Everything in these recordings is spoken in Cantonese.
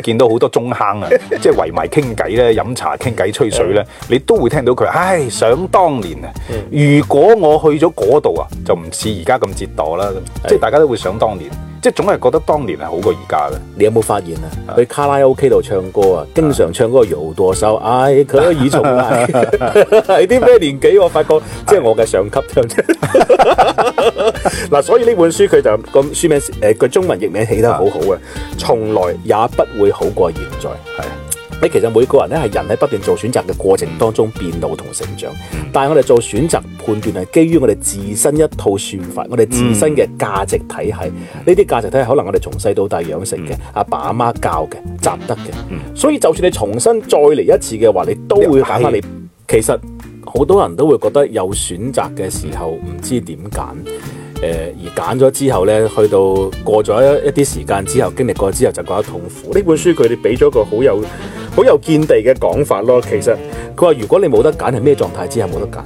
見到好多中坑啊，即係圍埋傾偈咧，飲茶傾偈吹水咧，嗯、你都會聽到佢，唉，想當年啊，嗯、如果我去咗嗰、啊、度啊，嗯、就唔似而家咁折墮啦，即係大家都會想當年。即係總係覺得當年係好過而家嘅，你有冇發現啊？去卡拉 OK 度唱歌啊，經常唱歌，個柔道手，唉，佢以重啊，係啲咩年紀？我發覺即係我嘅上級唱、啊。嗱， 所以呢本書佢就咁書名誒個中文譯名起得好好啊，重來也不會好過現在係。你其實每個人咧係人喺不斷做選擇嘅過程當中變老同成長，但係我哋做選擇判斷係基於我哋自身一套算法，我哋自身嘅價值體系呢啲、嗯、價值體系可能我哋從細到大養成嘅，阿、嗯、爸阿媽教嘅，習得嘅，嗯、所以就算你重新再嚟一次嘅話，你都會揀翻你是其實好多人都會覺得有選擇嘅時候唔知點揀、呃，而揀咗之後呢，去到過咗一啲時間之後，經歷過之後就覺得痛苦。呢 本書佢哋俾咗個好有。好有見地嘅講法咯，其實佢話，如果你冇得揀，係咩狀態之下冇得揀，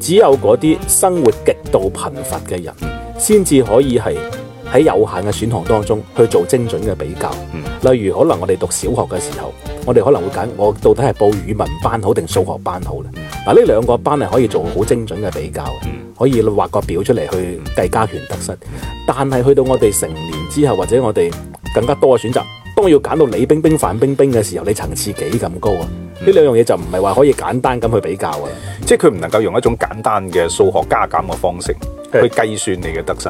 只有嗰啲生活極度貧乏嘅人，先至可以係喺有限嘅選項當中去做精準嘅比較。例如可能我哋讀小學嘅時候，我哋可能會揀我到底係報語文班好定數學班好呢？嗱呢兩個班係可以做好精準嘅比較，可以畫個表出嚟去計加權得失。但係去到我哋成年之後，或者我哋更加多嘅選擇。當我要揀到李冰冰、范冰冰嘅時候，你層次幾咁高啊？呢、嗯、兩樣嘢就唔係話可以簡單咁去比較嘅，即係佢唔能夠用一種簡單嘅數學加減嘅方式去計算你嘅得失。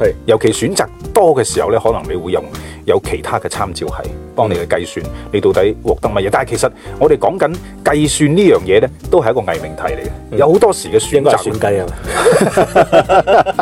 係是，尤其選擇多嘅時候咧，可能你會用有，有其他嘅參照系幫你去計、嗯、計算，你到底獲得乜嘢？但係其實我哋講緊計算呢樣嘢咧，都係一個偽命題嚟嘅，嗯、有好多時嘅選擇應該算計啊。